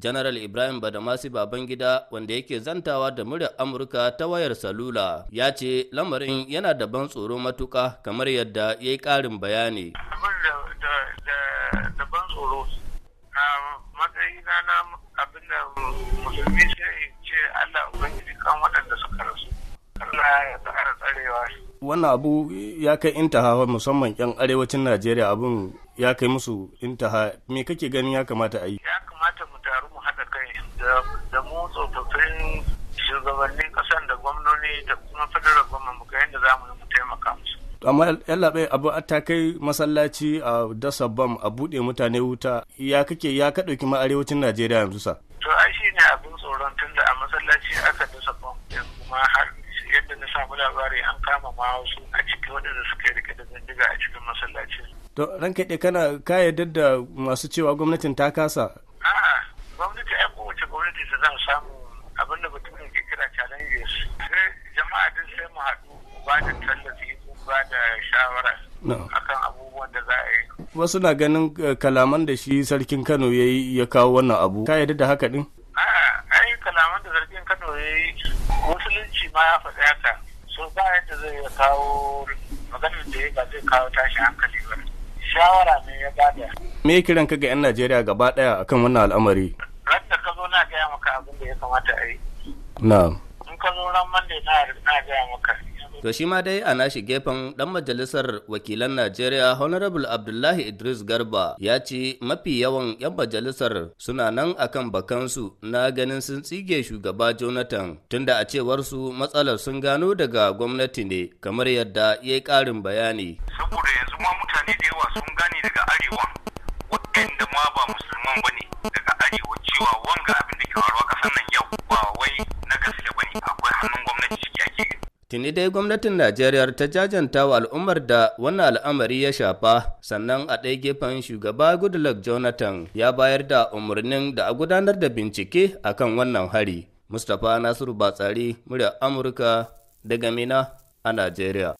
Janaral Ibrahim Badamasi Babangida wanda yake zantawa da muryar Amurka ta wayar salula ya ce lamarin yana da ban tsoro matuka kamar yadda ya yi ƙarin bayani. da ban tsoro matsayina na abin da musulmi sai ce Allah Ubangiji kan waɗanda suka rasu. Allah ya tsara tsarewa. Wannan abu ya kai intaha musamman 'yan arewacin Najeriya abun ya kai musu intaha me kake ganin ya kamata a yi? Ya kai da mu tsofaffin shugabannin kasan da gwamnoni da kuma federal gwamnan mu ga yadda za mu yi mu taimaka musu. amma yallaɓe abu a ta kai masallaci a dasa bam a buɗe mutane wuta ya kake ya ka ɗauki ma arewacin najeriya yanzu sa. to ai shi ne abin tsoron tunda a masallaci aka dasa bam kuma har yadda na samu labari an kama ma wasu a cikin waɗanda suka rike da bindiga a cikin masallacin. to ranka kana ka yarda da masu cewa gwamnatin ta kasa opportunities da zan samu abinda ne ke kira challenges sai jama'a din sai mu haɗu ba da tallafi ba da shawara akan abubuwan da za a yi wasu na ganin eh, kalaman da shi sarkin kano ya ya kawo wannan abu ka yadda da haka din yi kalaman da sarkin kano ya yi musulunci ma ya faɗi haka so ba yadda zai ya kawo maganin da ya ba zai kawo tashin hankali ba shawara ne ya bada me kiran ka ga 'yan najeriya gaba daya akan wannan al'amari maka abin da ya kamata a yi na'am in ka zo ran na na maka To shi ma dai a nashi gefen ɗan majalisar wakilan Najeriya Honorable Abdullahi Idris Garba ya ce mafi yawan 'yan majalisar suna nan akan bakansu na ganin sun tsige shugaba Jonathan tunda a cewar su matsalar sun gano daga gwamnati ne kamar yadda ya yi ƙarin bayani. Saboda yanzu ma mutane da yawa sun gane daga arewa Ni dai gwamnatin Najeriya ta jajanta wa al'ummar da wannan al'amari ya shafa, sannan a ɗaya gefen shugaba Goodluck Jonathan ya bayar da umarnin da a gudanar da bincike a kan wannan hari. Mustapha Nasiru Batsari, murya Amurka daga Mina a Najeriya.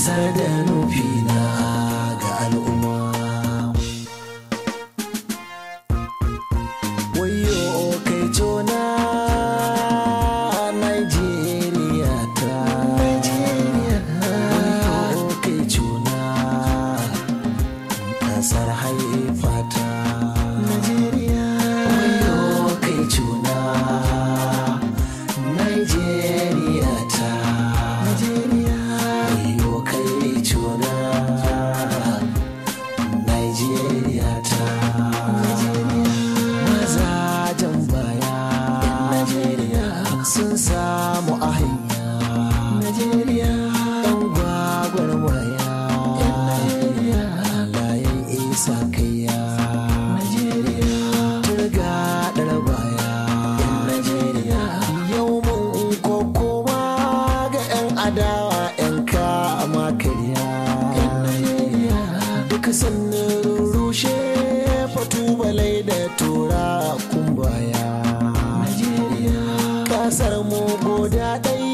isar da nufi na ga al'umma wayo kai tona Nigeria ta wayo kai tona ƙasar haye adawa 'yan kama karya duka sannan rushe fatubalai da tura kumbaya kasar mu goda ɗai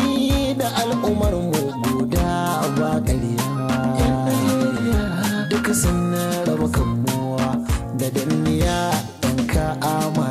da al'ummar mu goda ba ƙarya duka sannan raba kamuwa da danniya 'yan kama